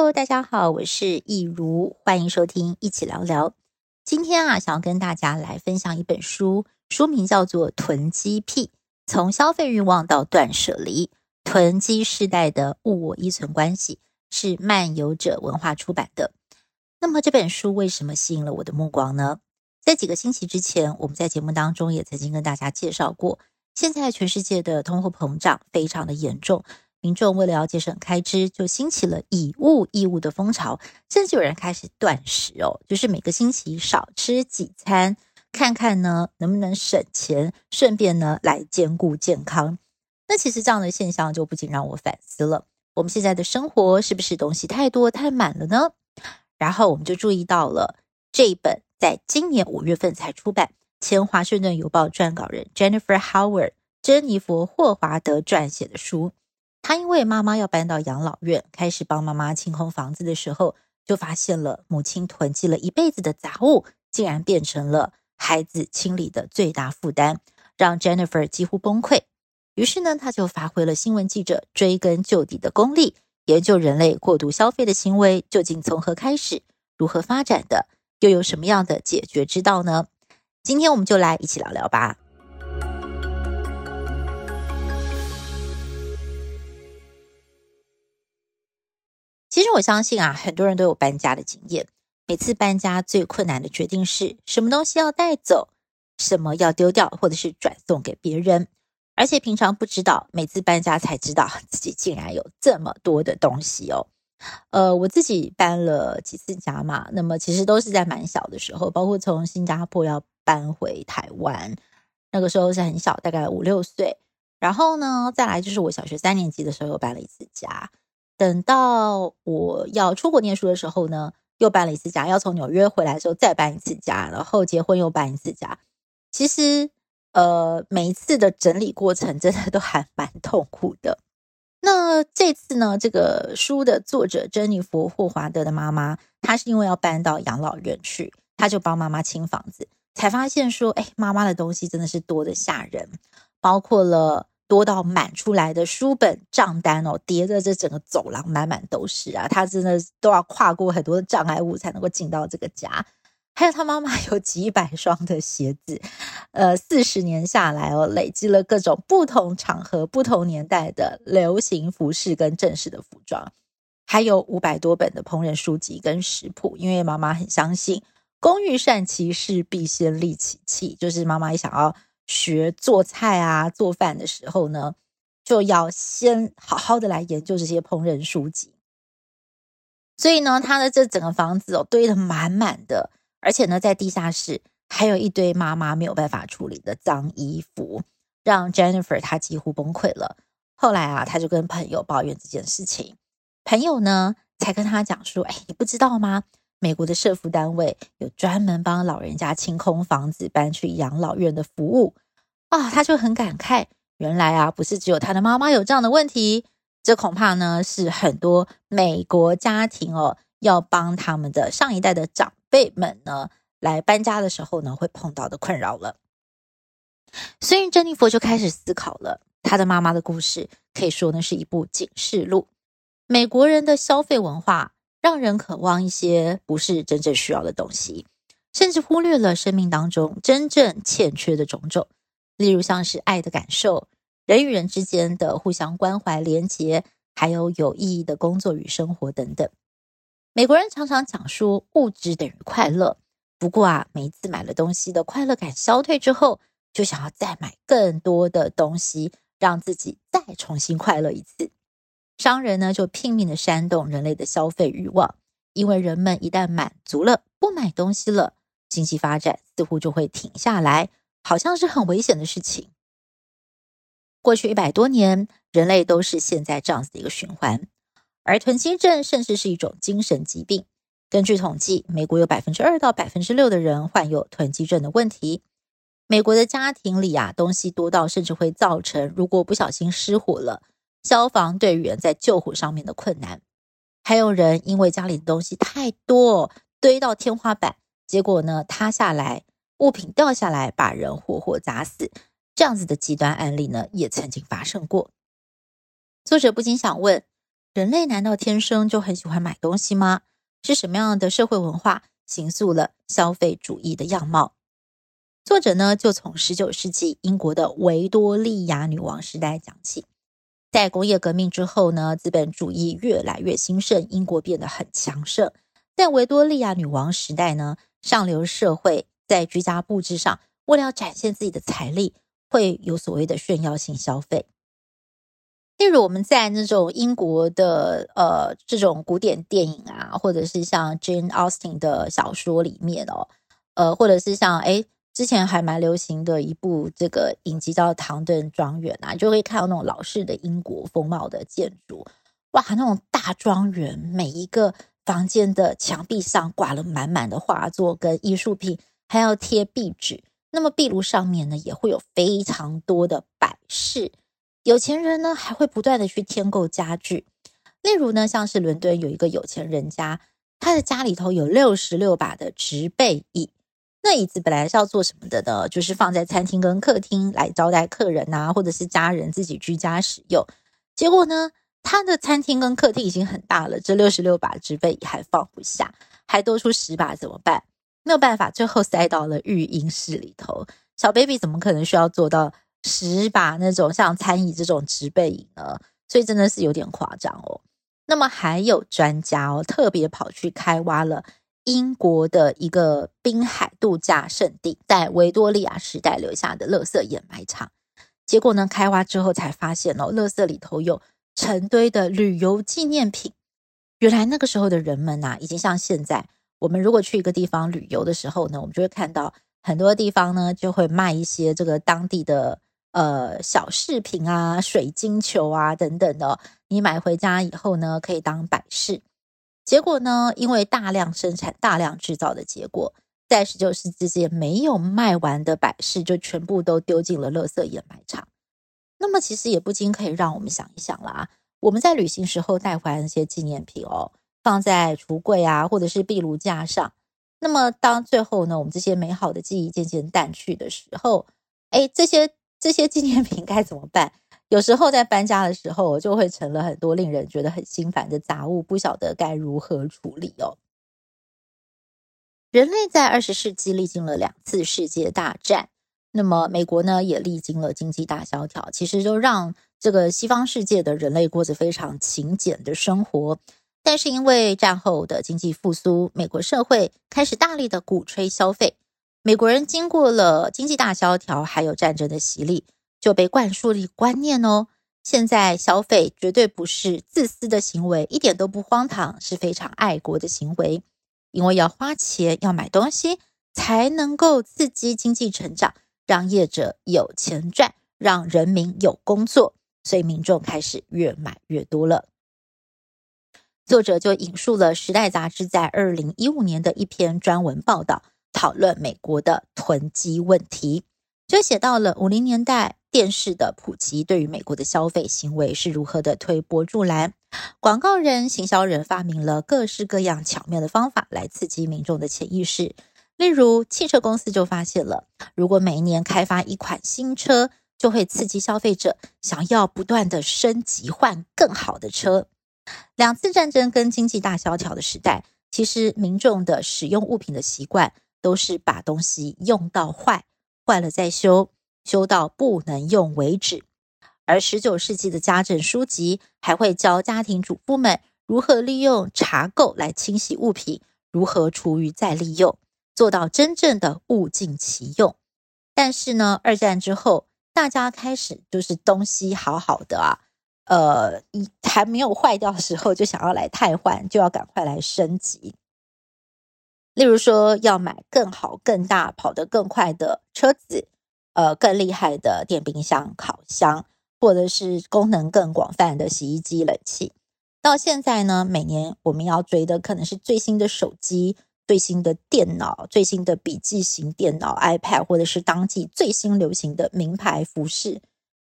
Hello，大家好，我是益如，歡迎收聽益起聊聊。今天啊，想要跟大家來分享一本書，書名叫做《囤積癖：從消費欲望到斷舍離》，囤積世代的物我依存關係，是漫遊者文化出版的。那麼這本書為什麼吸引了我的目光呢？在幾個星期之前，我們在節目當中也曾經跟大家介紹過，現在全世界的通貨膨脹非常的嚴重。民眾為了要節省開支，就興起了以物易物的風潮，甚至有人開始斷食哦，就是每個星期少吃幾餐，看看呢能不能省錢，順便呢來兼顧健康。那其實這樣的現象就不禁讓我反思了，我們現在的生活是不是東西太多太滿了呢？然後我們就注意到了這一本，在今年五月份才出版，前《華盛頓郵報》撰稿人 Jennifer Howard 珍妮佛霍華德撰寫的書。他因為媽媽要搬到養老院，開始幫媽媽清空房子的時候，就發現了母親囤積了一輩子的雜物，竟然變成了孩子清理的最大負擔，讓 Jennifer 幾乎崩潰。於是呢，他就發揮了新聞記者追根究底的功力，研究人類過度消費的行為究竟從何開始，如何發展的，又有什麼樣的解決之道呢？今天我們就來一起聊聊吧。其實我相信啊，很多人都有搬家的經驗。每次搬家最困難的決定是什麼東西要帶走，什麼要丟掉，或者是轉送給別人。而且平常不知道，每次搬家才知道自己竟然有這麼多的東西哦。呃，我自己搬了幾次家嘛，那麼其實都是在蠻小的時候，包括從新加坡要搬回台灣，那個時候是很小，大概五六歲。然後呢，再來就是我小學三年級的時候，又搬了一次家。等到我要出國念書的時候呢，又搬了一次家；要從紐約回來的時候，再搬一次家；然後結婚又搬一次家。其實，呃，每一次的整理過程真的都還蠻痛苦的。那這次呢，這個書的作者珍妮佛·霍華德的媽媽，她是因為要搬到養老院去，她就幫媽媽清房子，才發現說，哎，媽媽的東西真的是多得嚇人，包括了。多到滿出來的書本賬單哦，疊着這整個走廊滿滿都是啊！他真的都要跨過很多的障礙物才能夠進到這個家。還有他媽媽有幾百雙的鞋子，呃，四十年下來哦，累積了各種不同場合、不同年代的流行服飾跟正式的服裝，還有五百多本的烹飪書籍跟食譜。因為媽媽很相信“工欲善其事，必先利其器”，就是媽媽一想要。學做菜啊，做飯的時候呢，就要先好好的來研究這些烹飪書籍。所以呢，他的這整個房子哦，堆得滿滿的，而且呢，在地下室還有一堆媽媽沒有辦法處理的髒衣服，讓 Jennifer 她幾乎崩潰了。後來啊，她就跟朋友抱怨這件事情，朋友呢才跟她講說：“哎，你不知道嗎？”美國的社福單位有專門幫老人家清空房子、搬去養老院的服務啊、哦，他就很感慨，原來啊，不是只有他的媽媽有這樣的問題，這恐怕呢是很多美國家庭哦，要幫他們的上一代的長輩們呢來搬家的時候呢，會碰到的困擾了。所、嗯、以，珍妮佛就開始思考了他的媽媽的故事，可以說呢是一部警示錄，美國人的消費文化。讓人渴望一些不是真正需要的東西，甚至忽略了生命當中真正欠缺的種種，例如像是愛的感受、人與人之間的互相關懷、連結，還有有意義的工作與生活等等。美國人常常講說，物質等於快樂。不過啊，每一次買了東西的快樂感消退之後，就想要再買更多的東西，讓自己再重新快樂一次。商人呢，就拼命的煽動人類的消費慾望，因為人們一旦滿足了，不買東西了，經濟發展似乎就會停下來，好像是很危險的事情。過去一百多年，人類都是現在這樣子的一個循環，而囤積症甚至是一種精神疾病。根據統計，美國有百分之二到百分之六的人患有囤積症的問題。美國的家庭裡啊，東西多到甚至會造成，如果不小心失火了，消防隊員在救護上面的困難，還有人因為家裡的東西太多堆到天花板，結果呢塌下來，物品掉下來把人活活砸死，這樣子的極端案例呢也曾經發生過。作者不禁想問：人類難道天生就很喜歡買東西嗎？是什麼樣的社會文化形塑了消費主義的樣貌？作者呢就從十九世紀英國的維多利亞女王時代講起。在工業革命之後呢，資本主義越來越興盛，英國變得很強盛。在維多利亞女王時代呢，上流社會在居家布置上，為了要展現自己的財力，會有所謂的炫耀性消費。例如，我們在那種英國的呃這種古典電影啊，或者是像 Jane Austen 的小說裡面哦，呃，或者是像哎。誒之前還蠻流行的一部這個影集叫《唐頓莊園》啊，就會看到那種老式的英國風貌的建築，哇，那種大莊園，每一個房間的牆壁上掛了滿滿的畫作跟藝術品，還要貼壁紙。那麼壁爐上面呢，也會有非常多的擺飾。有錢人呢，還會不斷地去添購家具。例如呢，像是倫敦有一個有錢人家，他的家裡頭有六十六把的直背椅。那椅子本來是要做什麼的呢？就是放在餐廳跟客廳來招待客人吶、啊，或者是家人自己居家使用。結果呢，他的餐廳跟客廳已經很大了，這六十六把直背椅還放不下，還多出十把怎麼辦？沒有辦法，最後塞到了育嬰室裡頭。小 baby 怎麼可能需要坐到十把那種像餐椅這種直背椅呢？所以真的是有點誇張哦。那麼還有專家哦，特別跑去開挖了。英國的一個濱海度假勝地，在維多利亞時代留下的垃圾掩埋場，結果呢，開挖之後才發現哦，垃圾裡頭有成堆的旅遊紀念品。原來那個時候的人們吶、啊，已經像現在，我們如果去一個地方旅遊的時候呢，我們就會看到很多地方呢，就會賣一些這個當地的呃小飾品啊、水晶球啊等等的、哦。你買回家以後呢，可以當擺飾。結果呢？因為大量生產、大量制造的結果，在十九世紀沒有賣完的擺飾，就全部都丟進了垃圾掩埋場。那麼，其實也不禁可以讓我們想一想了啊！我們在旅行時候帶回來那些紀念品哦，放在櫥櫃啊，或者是壁爐架上。那麼，當最後呢，我們這些美好的記憶漸漸淡去的時候，哎，這些這些紀念品該怎麼辦？有時候在搬家的時候，我就會成了很多令人覺得很心煩的雜物，不曉得該如何處理哦。人類在二十世紀歷經了兩次世界大戰，那麼美國呢，也歷經了經濟大蕭條，其實就讓這個西方世界的人類過着非常勤儉的生活。但是因為戰後的經濟復甦，美國社會開始大力的鼓吹消費。美國人經過了經濟大蕭條，還有戰爭的洗禮，就被灌輸了一個觀念哦。現在消費絕對不是自私的行為，一點都不荒唐，是非常愛國的行為。因為要花錢，要買東西，才能夠刺激經濟成長，讓業者有錢賺，讓人民有工作，所以民眾開始越買越多了。作者就引述了《時代》雜誌在二零一五年的一篇專文報道，討論美國的囤積問題，就寫到了五零年代。電視的普及對於美國的消費行為是如何的推波助瀾？廣告人、行銷人發明了各式各樣巧妙的方法來刺激民眾的潛意識。例如，汽車公司就發現了，如果每一年開發一款新車，就會刺激消費者想要不斷的升級換更好的車。兩次戰爭跟經濟大蕭條的時代，其實民眾的使用物品的習慣都是把東西用到壞，壞了再修。修到不能用為止，而十九世紀的家政書籍還會教家庭主婦們如何利用茶垢來清洗物品，如何廚餘再利用，做到真正的物盡其用。但是呢，二戰之後，大家開始就是東西好好的啊，呃，一還沒有壞掉的時候就想要來汰換，就要趕快來升級。例如說，要買更好、更大、跑得更快的車子。呃，更厲害的電冰箱、烤箱，或者是功能更廣泛的洗衣機、冷氣。到現在呢，每年我們要追的可能是最新的手機、最新的電腦、最新的筆記型電腦、iPad，或者是當季最新流行的名牌服飾。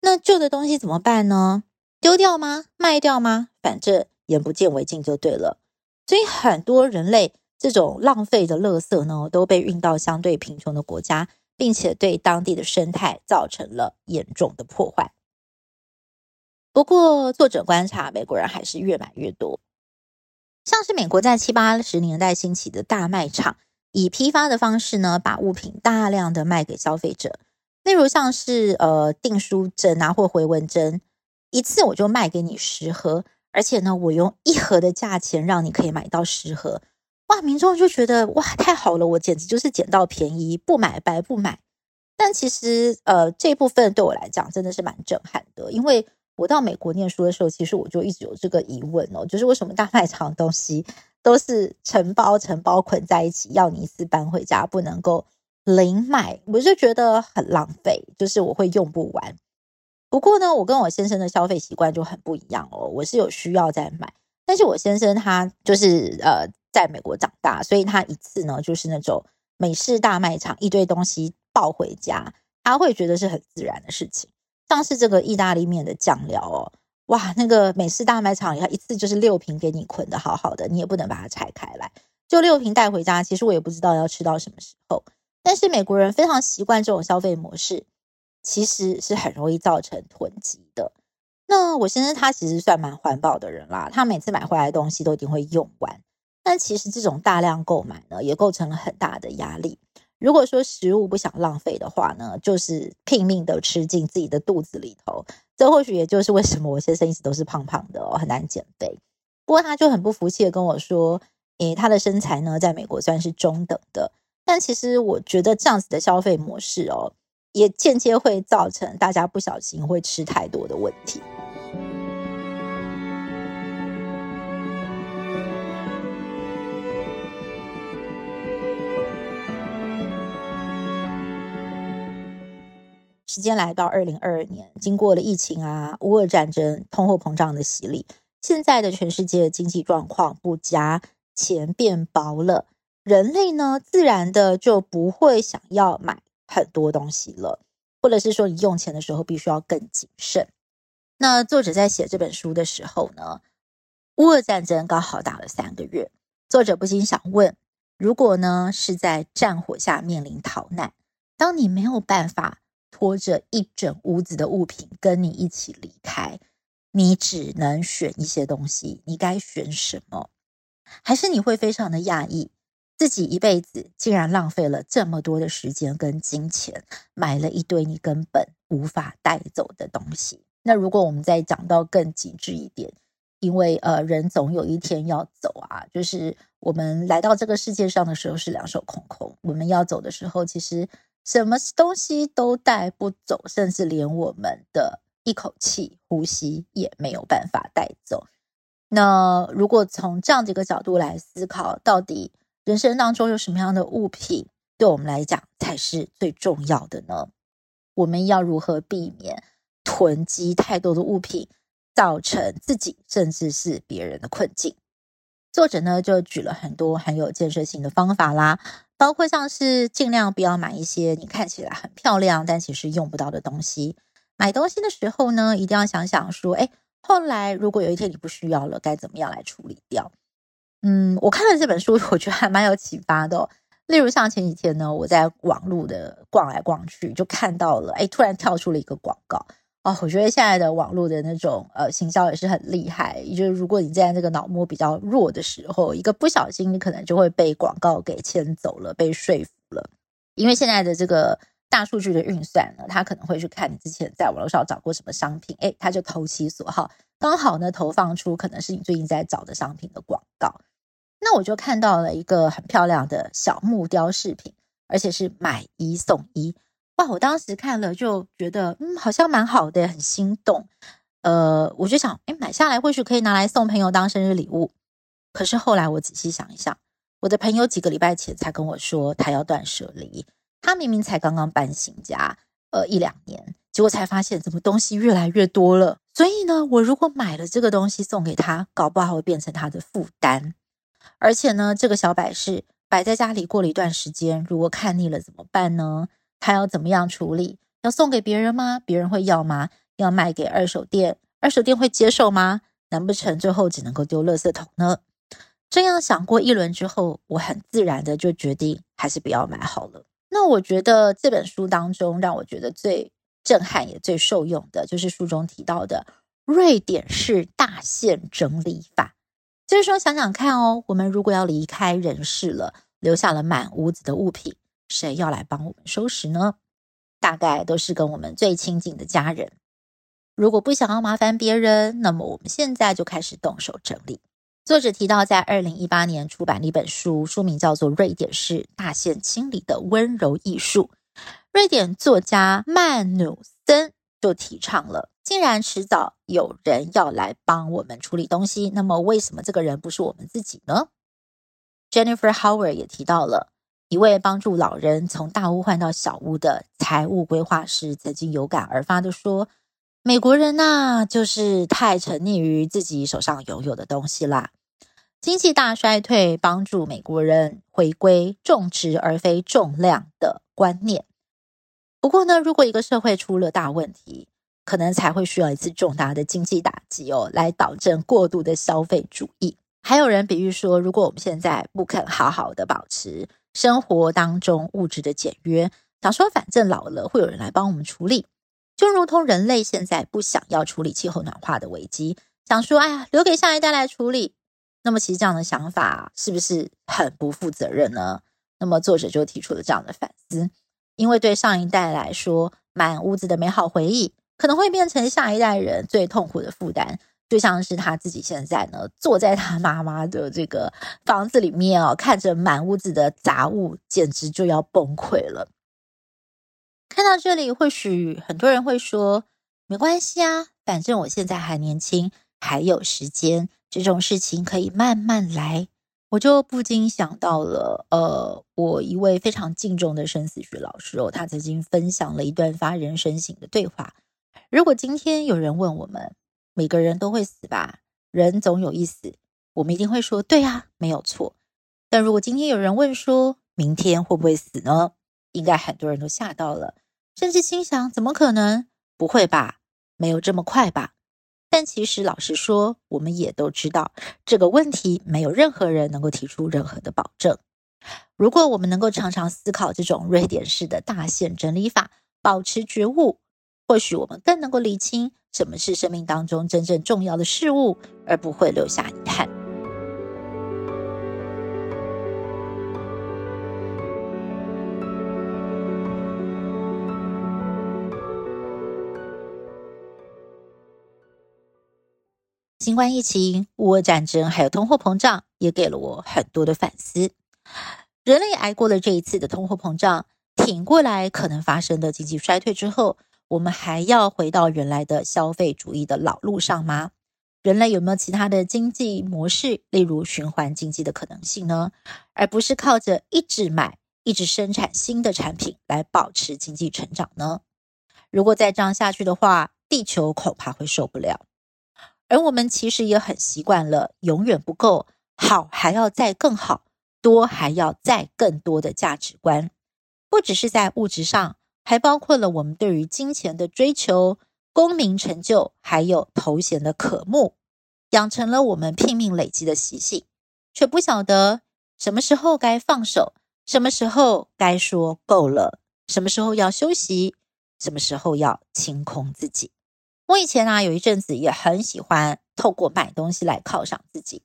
那舊的東西怎麼辦呢？丟掉嗎？賣掉嗎？反正眼不見為淨就對了。所以，很多人類這種浪費的垃圾呢，都被運到相對貧窮的國家。並且對當地的生態造成了嚴重的破壞。不過，作者觀察，美國人還是越買越多。像是美國在七八十年代興起的大賣場，以批發的方式呢，把物品大量的賣給消費者。例如像是呃訂書針啊，或迴紋針，一次我就賣給你十盒，而且呢，我用一盒的價錢讓你可以買到十盒。哇！民眾就覺得哇，太好了，我簡直就是撿到便宜，不買白不買。但其實，呃，這部分對我來講真的是蠻震撼的，因為我到美國念書的時候，其實我就一直有這個疑問哦，就是為什麼大賣場的東西都是承包承包捆在一起，要你一次搬回家，不能夠零買？我就覺得很浪費，就是我會用不完。不過呢，我跟我先生的消費習慣就很不一樣哦，我是有需要再買，但是我先生他就是呃。在美國長大，所以他一次呢就是那種美式大賣場一堆東西抱回家，他會覺得是很自然的事情。像是這個意大利麵的醬料哦，哇，那個美式大賣場他一次就是六瓶給你捆得好好的，你也不能把它拆開來，就六瓶帶回家。其實我也不知道要吃到什麼時候，但是美國人非常習慣這種消費模式，其實是很容易造成囤積的。那我先生他其實算蠻環保的人啦，他每次買回來的東西都一定會用完。但其實這種大量購買呢，也構成了很大的壓力。如果說食物不想浪費的話呢，就是拼命的吃進自己的肚子裡頭。這或許也就是為什麼我先生一直都是胖胖的哦，很難減肥。不過他就很不服氣的跟我說：“誒，他的身材呢，在美國算是中等的，但其實我覺得這樣子的消費模式哦，也間接會造成大家不小心會吃太多的問題。”時間來到二零二二年，經過了疫情啊、烏俄戰爭、通貨膨脹的洗禮，現在的全世界經濟狀況不佳，錢變薄了，人類呢自然的就不會想要買很多東西了，或者是說你用錢的時候必須要更謹慎。那作者在寫這本書的時候呢，烏俄戰爭剛好打了三個月，作者不禁想問：如果呢是在戰火下面臨逃難，當你沒有辦法。拖着一整屋子的物品跟你一起離開，你只能選一些東西，你該選什麼？還是你會非常的訝異，自己一輩子竟然浪費了這麼多的時間跟金錢，買了一堆你根本無法帶走的東西。那如果我們再講到更極致一點，因為呃，人總有一天要走啊，就是我們來到這個世界上的時候是兩手空空，我們要走的時候，其實。什麼東西都帶不走，甚至連我們的一口氣呼吸也沒有辦法帶走。那如果從這樣的一個角度來思考，到底人生當中有什麼樣的物品對我們來講才是最重要的呢？我們要如何避免囤積太多的物品，造成自己甚至是別人的困境？作者呢就舉了很多很有建設性的方法啦。包括像是儘量不要買一些你看起來很漂亮，但其實用不到的東西。買東西的時候呢，一定要想想說，哎，後來如果有一天你不需要了，該怎麼樣來處理掉？嗯，我看了這本書，我覺得還蠻有啟發的哦。例如像前幾天呢，我在網路的逛來逛去，就看到了，哎，突然跳出了一個廣告。哦，我覺得現在的網絡的那種呃行銷也是很厲害，就是如果你在那個腦膜比較弱的時候，一個不小心，你可能就會被廣告給牽走了，被說服了。因為現在的這個大數據的運算呢，它可能會去看你之前在網絡上找過什麼商品，哎，它就投其所好，剛好呢投放出可能是你最近在找的商品的廣告。那我就看到了一個很漂亮的小木雕飾品，而且是買一送一。但我當時看了就覺得，嗯，好像蠻好的，很心動。呃，我就想，哎，買下來或許可以拿來送朋友當生日禮物。可是後來我仔細想一想，我的朋友幾個禮拜前才跟我說他要斷捨離，他明明才剛剛搬新家，呃，一兩年，結果才發現怎麼東西越來越多了。所以呢，我如果買了這個東西送給他，搞不好會變成他的負擔。而且呢，這個小擺飾擺在家裡過了一段時間，如果看膩了怎麼辦呢？他要怎麼樣處理？要送給別人嗎？別人會要嗎？要賣給二手店？二手店會接受嗎？難不成最後只能夠丟垃圾桶呢？這樣想過一輪之後，我很自然的就決定還是不要買好了。那我覺得這本書當中，讓我覺得最震撼也最受用的，就是書中提到的瑞典式大限整理法。就是說，想想看哦，我們如果要離開人世了，留下了滿屋子的物品。誰要來幫我們收拾呢？大概都是跟我們最親近的家人。如果不想要麻煩別人，那麼我們現在就開始動手整理。作者提到，在二零一八年出版了一本書，書名叫做《瑞典式大限清理的溫柔藝術》。瑞典作家曼努森就提倡了：既然遲早有人要來幫我們處理東西，那麼為什麼這個人不是我們自己呢？Jennifer Howard 也提到了。一位幫助老人從大屋換到小屋的財務規劃師曾經有感而發地說：“美國人吶、啊，就是太沉溺於自己手上擁有的東西啦。經濟大衰退幫助美國人回歸重質而非重量的觀念。不過呢，如果一個社會出了大問題，可能才會需要一次重大的經濟打擊哦，來導致過度的消費主義。還有人比喻說，如果我們現在不肯好好的保持，生活當中物質的簡約，想說反正老了會有人來幫我們處理，就如同人類現在不想要處理氣候暖化的危機，想說哎呀，留給下一代來處理。那麼其實這樣的想法是不是很不負責任呢？那麼作者就提出了這樣的反思，因為對上一代來說，滿屋子的美好回憶可能會變成下一代人最痛苦的負擔。就像是他自己現在呢，坐在他媽媽的這個房子裡面啊、哦，看着滿屋子的雜物，簡直就要崩潰了。看到這裡，或許很多人會說：“沒關係啊，反正我現在還年輕，還有時間，這種事情可以慢慢來。”我就不禁想到了，呃，我一位非常敬重的生死學老師哦，他曾經分享了一段發人深省的對話。如果今天有人問我們，每個人都會死吧，人總有一死，我們一定會說對啊，沒有錯。但如果今天有人問說，明天會不會死呢？應該很多人都嚇到了，甚至心想怎麼可能？不會吧？沒有這麼快吧？但其實老實說，我們也都知道這個問題，沒有任何人能夠提出任何的保證。如果我們能夠常常思考這種瑞典式的大限整理法，保持覺悟。或許我們更能夠理清什麼是生命當中真正重要的事物，而不會留下遺憾。新冠疫情、烏俄戰爭，還有通貨膨脹，也給了我很多的反思。人類挨過了這一次的通貨膨脹，挺過來可能發生的經濟衰退之後。我們還要回到原來的消費主義的老路上嗎？人類有沒有其他的經濟模式，例如循環經濟的可能性呢？而不是靠着一直買、一直生產新的產品來保持經濟成長呢？如果再這樣下去的話，地球恐怕會受不了。而我們其實也很習慣了永遠不夠，好還要再更好，多還要再更多的價值觀，不只是在物質上。還包括了我們對於金錢的追求、功名成就，還有頭銜的渴慕，養成了我們拼命累積的習性，卻不曉得什麼時候該放手，什麼時候該說夠了，什麼時候要休息，什麼時候要清空自己。我以前啊，有一陣子也很喜歡透過買東西來犒賞自己。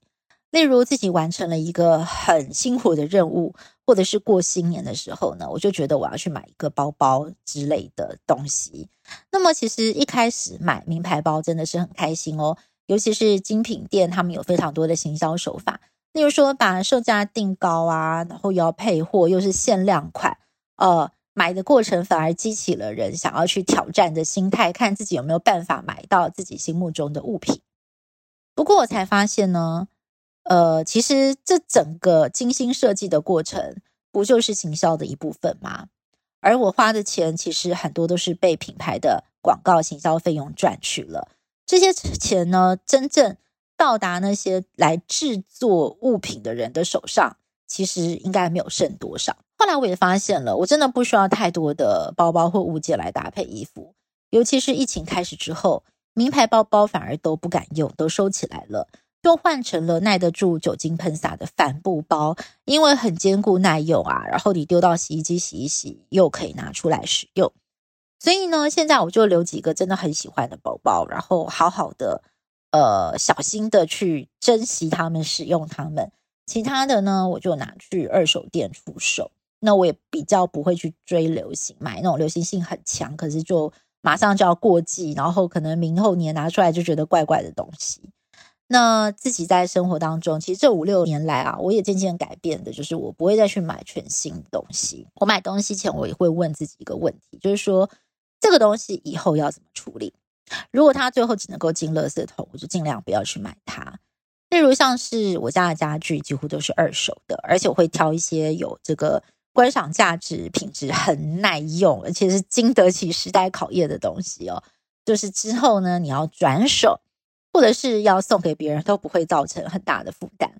例如自己完成了一個很辛苦的任務，或者是過新年的時候呢，我就覺得我要去買一個包包之類的東西。那麼其實一開始買名牌包真的是很開心哦，尤其是精品店，他們有非常多的行銷手法，例如說把售價定高啊，然後又要配貨，又是限量款，呃，買的過程反而激起了人想要去挑戰的心態，看自己有沒有辦法買到自己心目中的物品。不過我才發現呢。呃，其實這整個精心設計的過程，不就是行銷的一部分嗎？而我花的錢，其實很多都是被品牌的廣告行銷費用賺取了。這些錢呢，真正到達那些來製作物品的人的手上，其實應該沒有剩多少。後來我也發現了，我真的不需要太多的包包或物件來搭配衣服，尤其是疫情開始之後，名牌包包反而都不敢用，都收起來了。就換成了耐得住酒精噴灑的帆布包，因為很堅固耐用啊。然後你丟到洗衣機洗一洗，又可以拿出來使用。所以呢，現在我就留幾個真的很喜歡的包包，然後好好的，呃，小心的去珍惜它們、使用它們。其他的呢，我就拿去二手店出售。那我也比較不會去追流行，買那種流行性很強，可是就馬上就要過季，然後可能明後年拿出來就覺得怪怪的東西。那自己在生活當中，其實這五六年來啊，我也漸漸改變的，就是我不會再去買全新的東西。我買東西前，我也會問自己一個問題，就是說，這個東西以後要怎麼處理？如果它最後只能夠進垃圾桶，我就盡量不要去買它。例如像是我家的家具，幾乎都是二手的，而且我會挑一些有這個觀賞價值、品質很耐用，而且是經得起時代考驗的東西哦。就是之後呢，你要轉手，或者是要送給別人，都不會造成很大的負擔。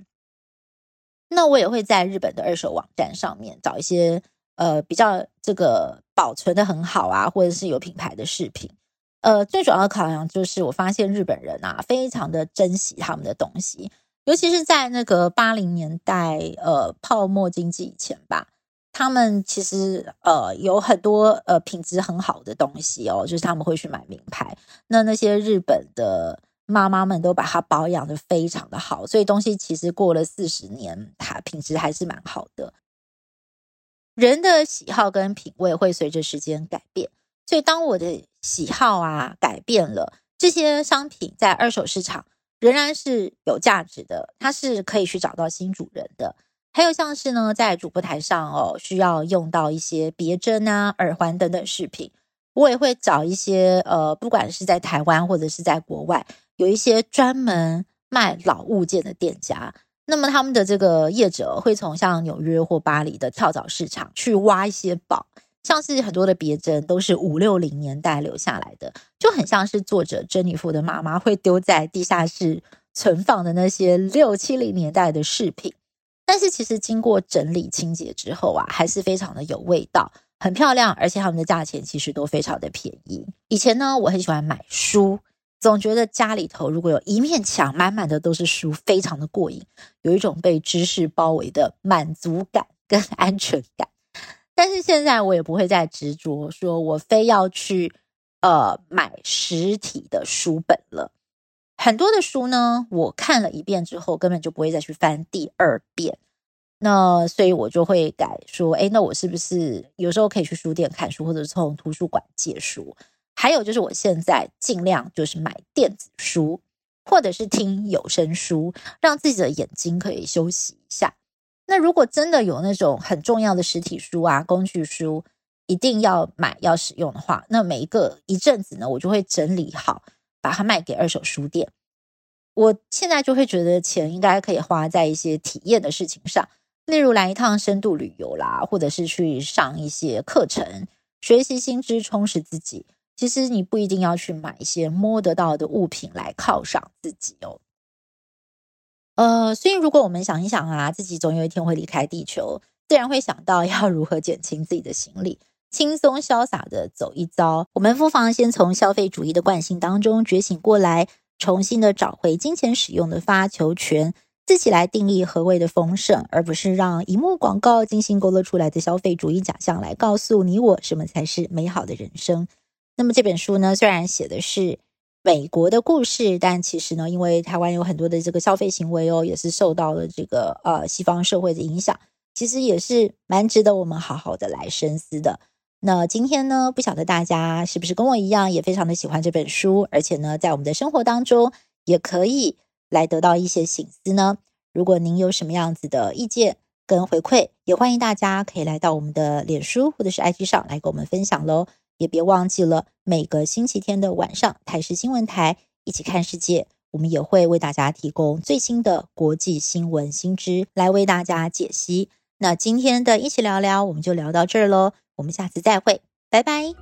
那我也會在日本的二手網站上面找一些呃比較這個保存得很好啊，或者是有品牌的飾品。呃，最主要的考量就是我發現日本人啊，非常的珍惜他們的東西，尤其是在那個八零年代呃泡沫經濟以前吧，他們其實呃有很多呃品質很好的東西哦，就是他們會去買名牌。那那些日本的。媽媽們都把它保養的非常的好，所以東西其實過了四十年，它品質還是蠻好的。人的喜好跟品味會隨着時間改變，所以當我的喜好啊改變了，這些商品在二手市場仍然是有價值的，它是可以去找到新主人的。還有像是呢，在主播台上哦，需要用到一些別針啊、耳環等等飾品，我也會找一些呃，不管是在台灣或者是在國外。有一些專門賣老物件的店家，那麼他們的這個業者會從像紐約或巴黎的跳蚤市場去挖一些寶，像是很多的別針都是五六零年代留下來的，就很像是作者珍妮弗的媽媽會丟在地下室存放的那些六七零年代的飾品。但是其實經過整理清潔之後啊，還是非常的有味道，很漂亮，而且他們的價錢其實都非常的便宜。以前呢，我很喜歡買書。總覺得家裡頭如果有一面牆滿滿的都是書，非常的過癮，有一種被知識包圍的滿足感跟安全感。但是現在我也不會再執着，說我非要去呃買實體的書本了。很多的書呢，我看了一遍之後根本就不會再去翻第二遍，那所以我就會改說，哎，那我是不是有時候可以去書店看書，或者從圖書館借書？還有就是，我現在儘量就是買電子書，或者是聽有聲書，讓自己的眼睛可以休息一下。那如果真的有那種很重要的實體書啊、工具書，一定要買要使用的話，那每一個一陣子呢，我就會整理好，把它賣給二手書店。我現在就會覺得錢應該可以花在一些體驗的事情上，例如來一趟深度旅遊啦，或者是去上一些課程，學習新知，充實自己。其實你不一定要去買一些摸得到的物品來犒賞自己哦。呃，所以如果我們想一想啊，自己總有一天會離開地球，自然會想到要如何減輕自己的行李，輕鬆瀟灑的走一遭。我們不妨先從消費主義的慣性當中覺醒過來，重新的找回金錢使用的發球權，自己來定義何謂的豐盛，而不是讓一幕廣告精心勾勒出來的消費主義假象來告訴你我什麼才是美好的人生。那麼這本書呢，雖然寫的是美國的故事，但其實呢，因為台灣有很多的這個消費行為哦，也是受到了這個呃西方社會的影響，其實也是蠻值得我們好好的來深思的。那今天呢，不曉得大家是不是跟我一樣，也非常的喜歡這本書，而且呢，在我們的生活當中也可以來得到一些省思呢。如果您有什麼樣子的意見跟回饋，也歡迎大家可以來到我們的臉書或者是 IG 上來跟我們分享嘍。也別忘記了，每個星期天的晚上，台視新聞台益起看世界，我們也會為大家提供最新的國際新聞新知來為大家解析。那今天的益起聊聊，我們就聊到這兒嘍，我們下次再會，拜拜。